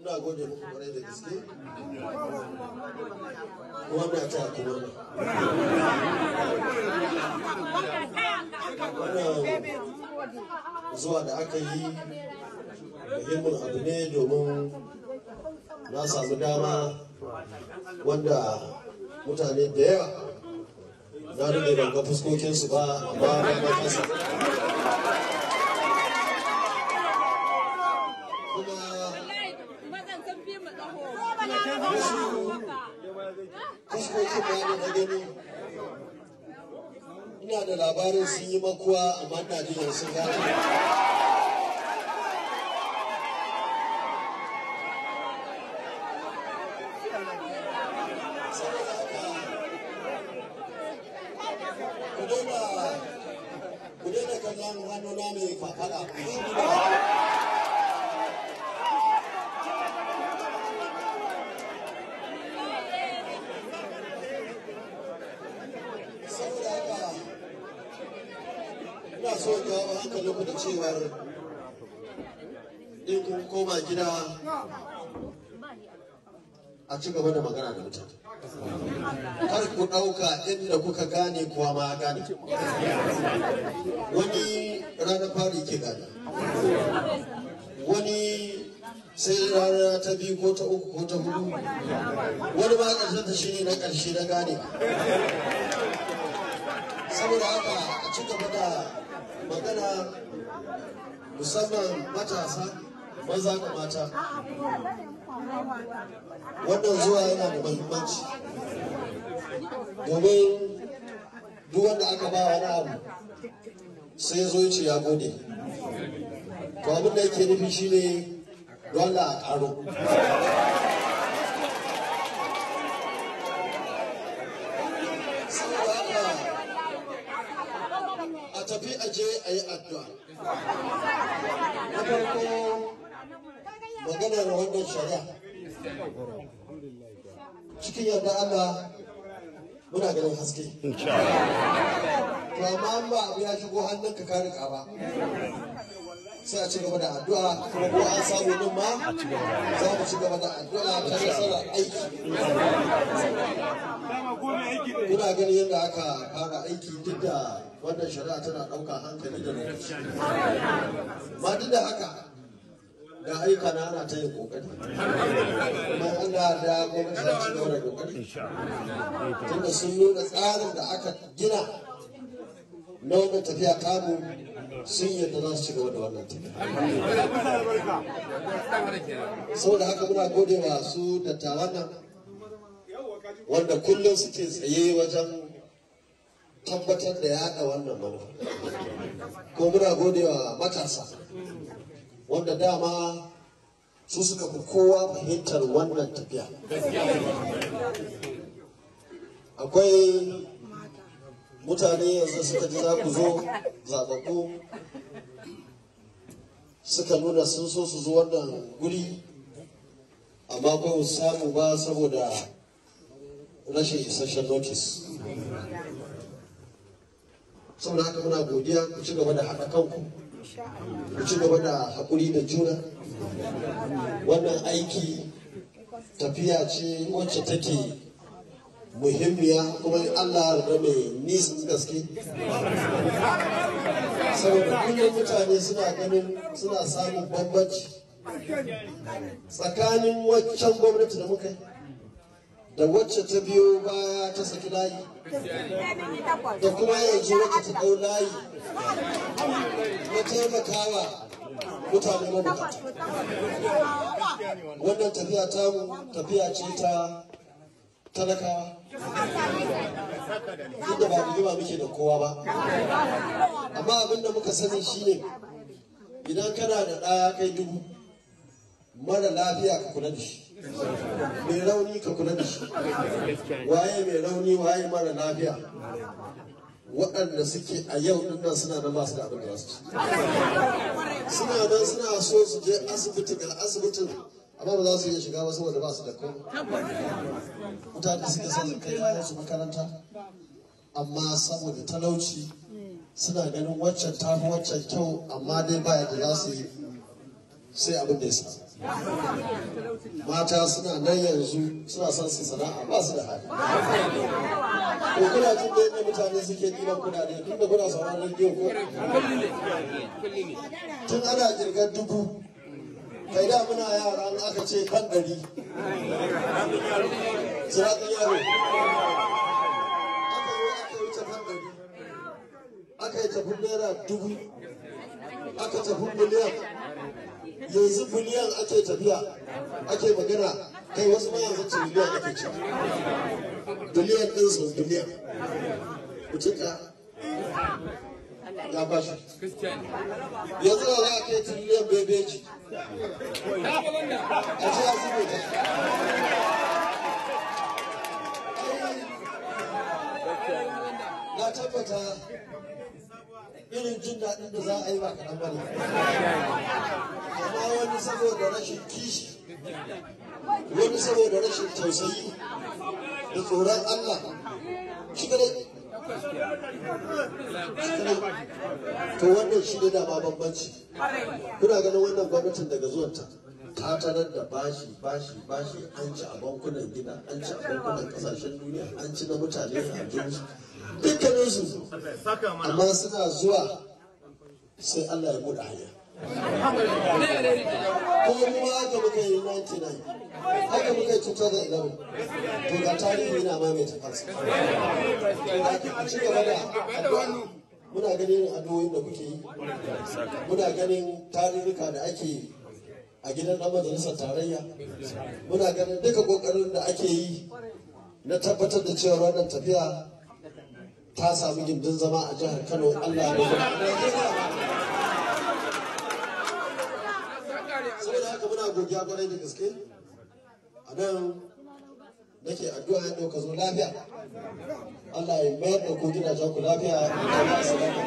ina gode muku kwarai da gaske wannan ta zuwa da aka yi muhimmin abu ne domin na samu dama wanda mutane da yawa na da ban ga fuskokinsu ba amma na ba kasa gani ina da labarin sun yi makuwa amma ina jin yanzu gane ku daina kallon hannuna mai faɗa saboda haka ina so jawo hankalinku da cewar in kun koma gida a ci gaba da magana da mutane kar ku ɗauka inda kuka gane kuwa ma gane wani ranar fari ke gane wani sai rana ta biyu ko ta uku ko ta hudu wani ma ƙarshen ta shi ne na ƙarshe na gane saboda haka a cika magana musamman matasa maza da mata wannan zuwa yana da mahimmanci domin duk wanda aka ba wani abu sai ya zo ya ce ya gode to abin da yake nufi shine dole a karo a tafi aje a yi addu'a na maganar wannan shari'a cikin yadda Allah muna ganin haske to amma an ba abu ya shigo hannun ka kare ka ba sai a ci gaba da addu'a kuma ko an samu din ma za mu ci gaba da addu'a ta nasarar aiki kuna ganin yadda aka fara aiki duk da wannan shari'a tana ɗauka hankali da lokaci ma duk da haka ga ayyuka na ana ta yin kokari kuma Allah da gwamnati za ci gaba da kokari tunda sun nuna tsarin da aka gina na wannan tafiya kamu sun yadda za su ci gaba da wannan saboda haka muna gode wa su dattawan nan wanda kullum suke tsaye wajen tabbatar da yaɗa wannan manufa ko muna gode wa matasa wanda dama su suka fi kowa fahimtar wannan tafiya akwai mutane yanzu suka ji za ku zo zaɓaɓɓu suka nuna sun so su zo wannan guri amma ba samu ba saboda rashin isasshen notice saboda haka muna godiya ku ci gaba da haɗa kanku Ku ci gaba da haƙuri da juna wannan aiki tafiya ce wacce take muhimmiya kuma Allah da mai nisan gaske saboda kullum mutane suna ganin suna samun bambanci tsakanin waccan gwamnati da muka da wacce ta biyo baya ta saki layi da kuma yanzu wacce ta ɗau layi taimakawa mutane mabukata wannan tafiya tamu tafiya ce ta talakawa inda ba rigima muke da kowa ba amma abin da muka sani shine idan kana da ɗaya kai dubu mara lafiya ka kula da shi mai rauni ka kula da shi waye mai rauni waye mara lafiya waɗanda suke a yau din nan suna nan ba su da abin da su suna nan suna so su je asibiti ga asibitin amma ba za su iya shiga ba saboda ba su da kai mutane suka san kai yayansu makaranta amma saboda talauci suna ganin waccan ta fi waccan kyau amma dai ba yadda za su yi sai abin da ya sa mata suna nan yanzu suna son su sana'a ba su da hali kuna jin da ne mutane suke kuna ne tun da kuna sauran rediyo ko tun ana jirgar dubu kai da muna yara an aka ce kan ɗari siratun yaro aka zo aka wuce kan ɗari aka yi tafi naira dubu aka tafi miliyan yanzu miliyan ake tafiya ake magana kai wasu ma yanzu ce miliyan ake ci biliyan ɗin sau biliyan ku cika ya ba yanzu da za a kai tiliyan bebeji a ce asibiti na tabbata irin jin daɗin da za a yi ba kaɗan ba ne amma wani saboda rashin kishi wani saboda rashin tausayi da tsoron Allah shi kadai to wannan shi ne dama bambanci kuna ganin wannan gwamnatin daga zuwanta ta tarar da bashi bashi bashi an ci a bankunan gida an ci a bankunan kasashen duniya an ci na mutane a jinsu su. amma suna zuwa sai Allah ya buɗe hanya ko kuma haka muka yi 99 haka muka yi 2011 to ga tarihi na tafasa. kansa a ci gaba da addu'a muna ganin addu'o'in da kuke yi muna ganin tarurruka da ake yi a gidan ɗan majalisar tarayya muna ganin duka ƙoƙarin da ake yi na tabbatar da cewa wannan tafiya ta samu gindin zama a jihar kano allah ne ina godiya kwarai da gaske a nan nake addu'a ya ɗauka zo lafiya Allah ya mayar da ku gidajen ku lafiya da ba su lafiya